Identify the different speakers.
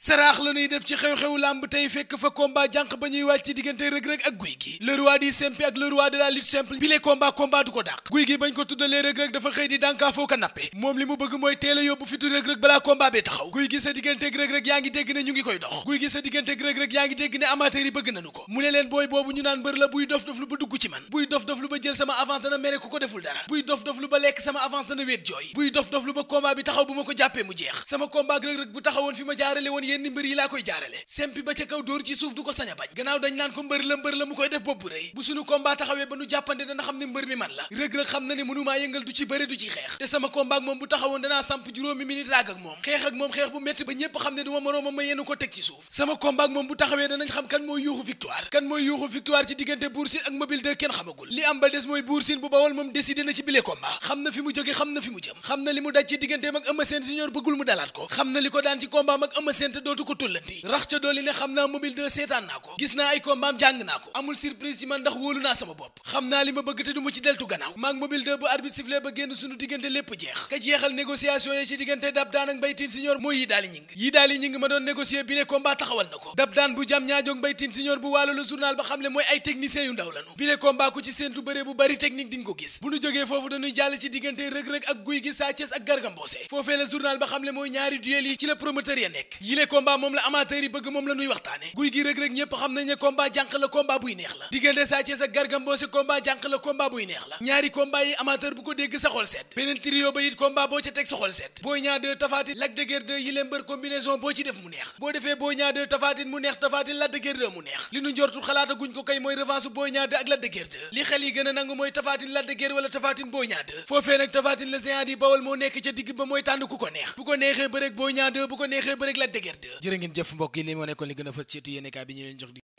Speaker 1: saraax la ñuy def ci xew-xewu làmb tey fekk fa combat jànq ba ñuy wàcc ci diggante rëg-rëg ak guy gi le roi di simple ak le roi de la lutte simple du ko dàq guy gi tuddalee rëg-rëg dafa xëy di dànkaafoo ko nappe moom a yóbbu fitu rëg-rëg sa digganteeg rëg-rëg yaa ngi dégg ne ñu ngi koy dox guy gi sa digganteeg rëg-rëg yaa ngi dégg ne amateur yi bëgg nañu ko mu ne leen booy boobu ñu naan mbër la buy dof dof lu ba dugg ci man buy dof dof lu ba jël sama avance dana mere ku ko deful dara buy dof dof lu ba lekk sama avance ma ko jàppee mu jeex sama combat rëg-rëg bu yenn mbir yi laa koy jaarale sempi ba ca kaw dóor ci suuf du ko sañ a bañ gannaaw dañ naan ko mbër la mbër la mu koy def bopp bu rëy bu suñu combat nu jàppante dana xam ne mbër la rëg-rëg xam na ne mënumaa yëngal du ci bëre du ci xeex te sama combat ak moom bu taxawoon danaa samp juróomi minute raag ak moom xam ne du ma moroomam ma yenn ko teg ci suuf sama combat ak moom bu taxawee danañ xam kan mooy yuuxu victoire kan li am ba des mooy na ci bile combat xam na fi mu jóge xam na fi mu jëm xam na li mu daj ci digganteem ak Eumeu Sène Junior bëggul mu dalaat ko xam na li ko daan ci combat ak Eumeu Sène te dootu ko tullanti rax ca dooli ne xam naa mobile 2 seetaan naa ko gis naa ay kombaam jàng naa ko amul surprise ci man ndax wóolu naa sama bopp xam naa li ma bëgg te du ma ci deltu gannaaw maak mobile 2 bu arbitre sifflé ba génn suñu diggante lépp jeex ka jeexal négociation yi ci diggante dab daan ak mbaytin siñor mooy yi daali yi daali ñing ma doon négocier bi le taxawal na ko dab daan bu jam ñaajoog mbaytin siñor bu wàllu la journal bu bari la journal combat moom la amateur yi bëgg moom la nuy waxtaane guy gi rëg-rëg ñépp xam nañ ne jànq la combat buy neex la ñaari combat yi amateur bu ko dégg sa xol sedd beneen ba it combat boo ca teg sa xol sedd Boy Niang 2 Tapha Tine Lac de Guiers 2 yi leen mbër combinaison boo ci def mu neex boo defee Boy Niang 2 mu neex Tapha Tine Lac de Guiers mu neex li nu njortu xalaata guñ ko kay mooy revanche Boy Niang ak Lac de Guiers 2 li xel yi gën a nangu mooy Tapha Tine Lac de Guiers ko neex bu ko neexee bëreg Boy Niang 2 jërë ngeen jëf mbokk yi li moo nekkoon li gën a fës bi ñu leen jox